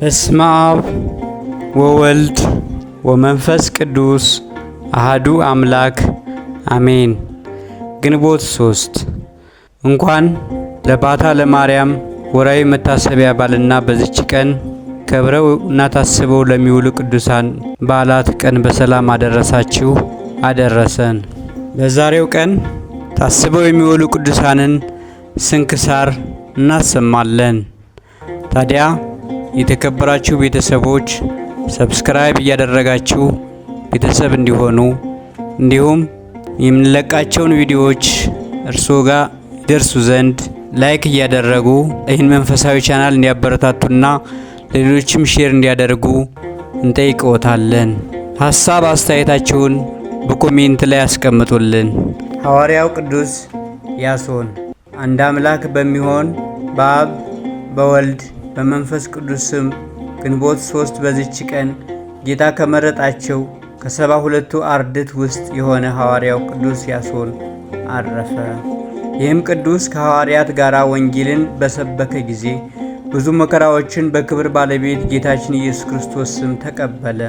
በስመ አብ ወወልድ ወመንፈስ ቅዱስ አህዱ አምላክ አሜን። ግንቦት ሶስት እንኳን ለባታ ለማርያም ወራዊ መታሰቢያ በዓልና በዚች ቀን ከብረው እና ታስበው ለሚውሉ ቅዱሳን በዓላት ቀን በሰላም አደረሳችሁ አደረሰን። በዛሬው ቀን ታስበው የሚውሉ ቅዱሳንን ስንክሳር እናሰማለን። ታዲያ የተከበራችሁ ቤተሰቦች ሰብስክራይብ እያደረጋችሁ ቤተሰብ እንዲሆኑ እንዲሁም የምንለቃቸውን ቪዲዮዎች እርስዎ ጋር ይደርሱ ዘንድ ላይክ እያደረጉ ይህን መንፈሳዊ ቻናል እንዲያበረታቱና ሌሎችም ሼር እንዲያደርጉ እንጠይቅዎታለን። ሀሳብ አስተያየታችሁን በኮሜንት ላይ ያስቀምጡልን። ሐዋርያው ቅዱስ ያሶን። አንድ አምላክ በሚሆን በአብ በወልድ በመንፈስ ቅዱስ ስም ግንቦት ሶስት በዚች ቀን ጌታ ከመረጣቸው ከሰባ ሁለቱ አርድት ውስጥ የሆነ ሐዋርያው ቅዱስ ያሶን አረፈ። ይህም ቅዱስ ከሐዋርያት ጋር ወንጌልን በሰበከ ጊዜ ብዙ መከራዎችን በክብር ባለቤት ጌታችን ኢየሱስ ክርስቶስ ስም ተቀበለ።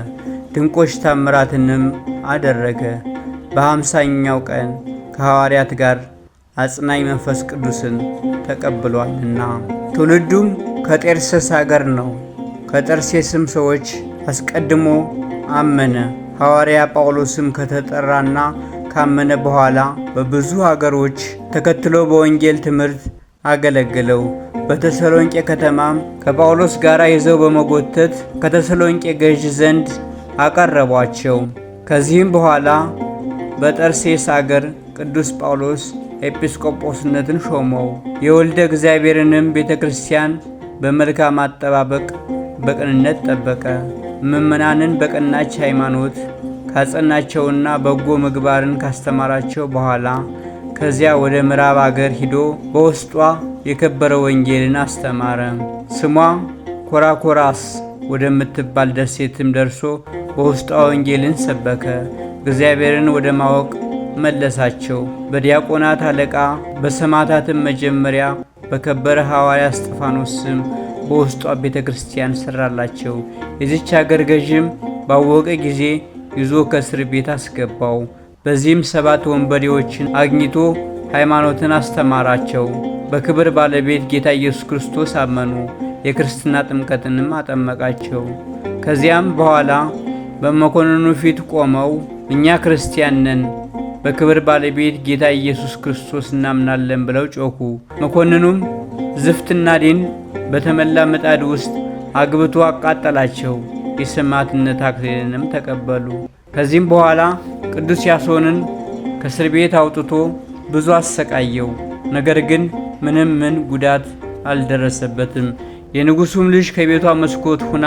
ድንቆች ታምራትንም አደረገ። በሃምሳኛው ቀን ከሐዋርያት ጋር አጽናኝ መንፈስ ቅዱስን ተቀብሏልና ትውልዱም ከጤርሴስ አገር ነው። ከጠርሴስም ሰዎች አስቀድሞ አመነ። ሐዋርያ ጳውሎስም ከተጠራና ካመነ በኋላ በብዙ አገሮች ተከትሎ በወንጌል ትምህርት አገለግለው በተሰሎንቄ ከተማም ከጳውሎስ ጋር ይዘው በመጎተት ከተሰሎንቄ ገዥ ዘንድ አቀረቧቸው። ከዚህም በኋላ በጠርሴስ አገር ቅዱስ ጳውሎስ ኤጲስቆጶስነትን ሾመው። የወልደ እግዚአብሔርንም ቤተ ክርስቲያን በመልካም አጠባበቅ በቅንነት ጠበቀ። ምእመናንን በቀናች ሃይማኖት ካጸናቸውና በጎ ምግባርን ካስተማራቸው በኋላ ከዚያ ወደ ምዕራብ አገር ሂዶ በውስጧ የከበረ ወንጌልን አስተማረ። ስሟ ኮራኮራስ ወደምትባል ደሴትም ደርሶ በውስጧ ወንጌልን ሰበከ። እግዚአብሔርን ወደ ማወቅ መለሳቸው። በዲያቆናት አለቃ በሰማዕታትም መጀመሪያ በከበረ ሐዋርያ እስጢፋኖስ ስም በውስጧ ቤተ ክርስቲያን ሰራላቸው። የዚች አገር ገዥም ባወቀ ጊዜ ይዞ ከእስር ቤት አስገባው። በዚህም ሰባት ወንበዴዎችን አግኝቶ ሃይማኖትን አስተማራቸው። በክብር ባለቤት ጌታ ኢየሱስ ክርስቶስ አመኑ። የክርስትና ጥምቀትንም አጠመቃቸው። ከዚያም በኋላ በመኮንኑ ፊት ቆመው እኛ ክርስቲያን ነን በክብር ባለቤት ጌታ ኢየሱስ ክርስቶስ እናምናለን ብለው ጮኩ። መኮንኑም ዝፍትና ዲን በተሞላ ምጣድ ውስጥ አግብቶ አቃጠላቸው። የሰማዕትነት አክሊልንም ተቀበሉ። ከዚህም በኋላ ቅዱስ ያሶንን ከእስር ቤት አውጥቶ ብዙ አሰቃየው። ነገር ግን ምንም ምን ጉዳት አልደረሰበትም። የንጉሱም ልጅ ከቤቷ መስኮት ሁና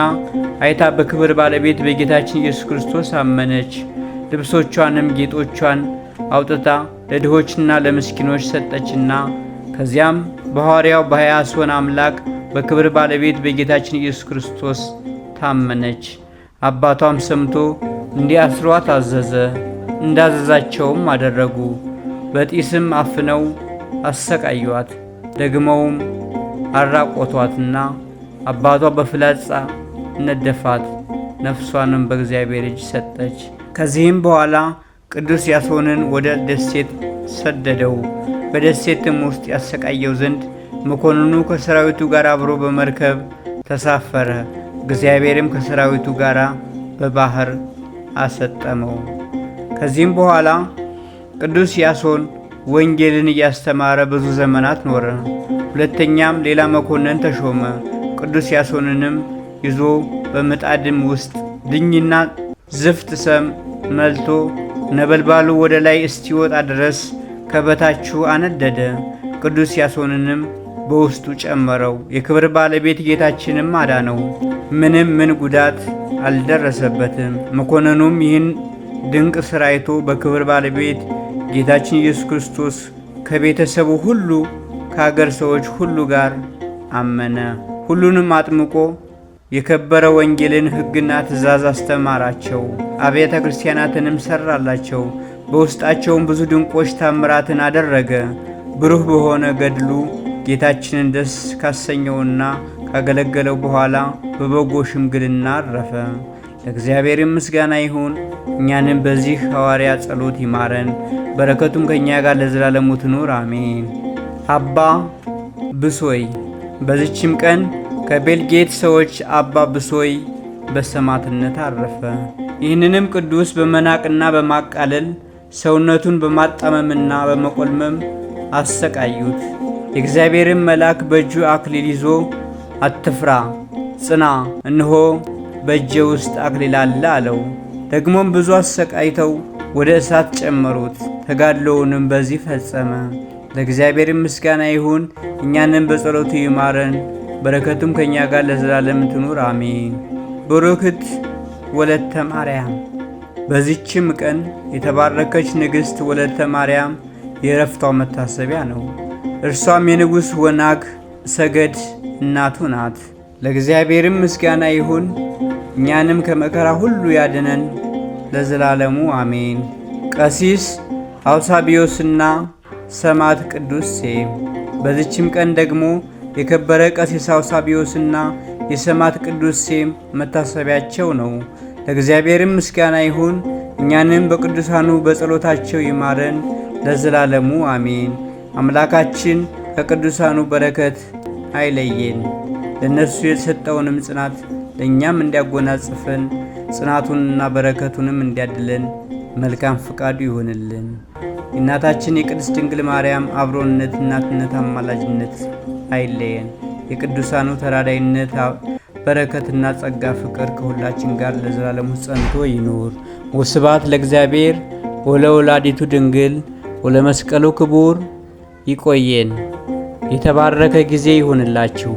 አይታ በክብር ባለቤት በጌታችን ኢየሱስ ክርስቶስ አመነች። ልብሶቿንም ጌጦቿን አውጥታ ለድሆችና ለምስኪኖች ሰጠችና ከዚያም በሐዋርያው በሕያስወን አምላክ በክብር ባለቤት በጌታችን ኢየሱስ ክርስቶስ ታመነች። አባቷም ሰምቶ እንዲያስሯት አዘዘ። እንዳዘዛቸውም አደረጉ። በጢስም አፍነው አሰቃዩአት። ደግመውም አራቆቷትና አባቷ በፍላጻ ነደፋት። ነፍሷንም በእግዚአብሔር እጅ ሰጠች። ከዚህም በኋላ ቅዱስ ያሶንን ወደ ደሴት ሰደደው። በደሴትም ውስጥ ያሰቃየው ዘንድ መኮንኑ ከሰራዊቱ ጋር አብሮ በመርከብ ተሳፈረ። እግዚአብሔርም ከሰራዊቱ ጋር በባህር አሰጠመው። ከዚህም በኋላ ቅዱስ ያሶን ወንጌልን እያስተማረ ብዙ ዘመናት ኖረ። ሁለተኛም ሌላ መኮንን ተሾመ። ቅዱስ ያሶንንም ይዞ በምጣድም ውስጥ ድኝና ዝፍት ሰም መልቶ ነበልባሉ ወደ ላይ እስኪወጣ ድረስ ከበታችሁ አነደደ። ቅዱስ ያሶንንም በውስጡ ጨመረው። የክብር ባለቤት ጌታችንም አዳነው። ምንም ምን ጉዳት አልደረሰበትም። መኮንኑም ይህን ድንቅ ሥራ አይቶ በክብር ባለቤት ጌታችን ኢየሱስ ክርስቶስ ከቤተሰቡ ሁሉ ከአገር ሰዎች ሁሉ ጋር አመነ። ሁሉንም አጥምቆ የከበረ ወንጌልን ሕግና ትእዛዝ አስተማራቸው፣ አብያተ ክርስቲያናትንም ሠራላቸው። በውስጣቸውም ብዙ ድንቆች ታምራትን አደረገ። ብሩህ በሆነ ገድሉ ጌታችንን ደስ ካሰኘውና ካገለገለው በኋላ በበጎ ሽምግልና አረፈ። ለእግዚአብሔርም ምስጋና ይሁን። እኛንም በዚህ ሐዋርያ ጸሎት ይማረን፣ በረከቱም ከእኛ ጋር ለዘላለሙ ትኑር አሜን። አባ ብሶይ በዚችም ቀን ከቤልጌት ሰዎች አባ ብሶይ በሰማዕትነት አረፈ። ይህንንም ቅዱስ በመናቅና በማቃለል ሰውነቱን በማጣመምና በመቆልመም አሰቃዩት። የእግዚአብሔርን መልአክ በእጁ አክሊል ይዞ አትፍራ፣ ጽና፣ እንሆ በእጄ ውስጥ አክሊል አለ አለው። ደግሞም ብዙ አሰቃይተው ወደ እሳት ጨመሩት። ተጋድሎውንም በዚህ ፈጸመ። ለእግዚአብሔር ምስጋና ይሁን፣ እኛንም በጸሎቱ ይማረን በረከቱም ከእኛ ጋር ለዘላለም ትኑር አሜን። በረከት ወለተ ማርያም። በዚችም ቀን የተባረከች ንግሥት ወለተ ማርያም የእረፍቷ መታሰቢያ ነው። እርሷም የንጉሥ ወናግ ሰገድ እናቱ ናት። ለእግዚአብሔርም ምስጋና ይሁን፣ እኛንም ከመከራ ሁሉ ያድነን ለዘላለሙ አሜን። ቀሲስ አውሳቢዮስና ሰማዕት ቅዱስ ሴም። በዚችም ቀን ደግሞ የከበረ ቀሲስ አውሳቢዮስና የሰማዕት ቅዱስ ሴም መታሰቢያቸው ነው። ለእግዚአብሔርም ምስጋና ይሁን። እኛንም በቅዱሳኑ በጸሎታቸው ይማረን ለዘላለሙ አሜን። አምላካችን ከቅዱሳኑ በረከት አይለየን። ለእነርሱ የተሰጠውንም ጽናት ለእኛም እንዲያጎናጽፈን ጽናቱንና በረከቱንም እንዲያድለን መልካም ፈቃዱ ይሆንልን። የእናታችን የቅድስት ድንግል ማርያም አብሮነት፣ እናትነት፣ አማላጅነት አይለየን። የቅዱሳኑ ተራዳይነት በረከትና ጸጋ ፍቅር ከሁላችን ጋር ለዘላለሙ ጸንቶ ይኑር። ወስባት ለእግዚአብሔር ወለወላዲቱ ድንግል ወለመስቀሉ ክቡር። ይቆየን። የተባረከ ጊዜ ይሁንላችሁ።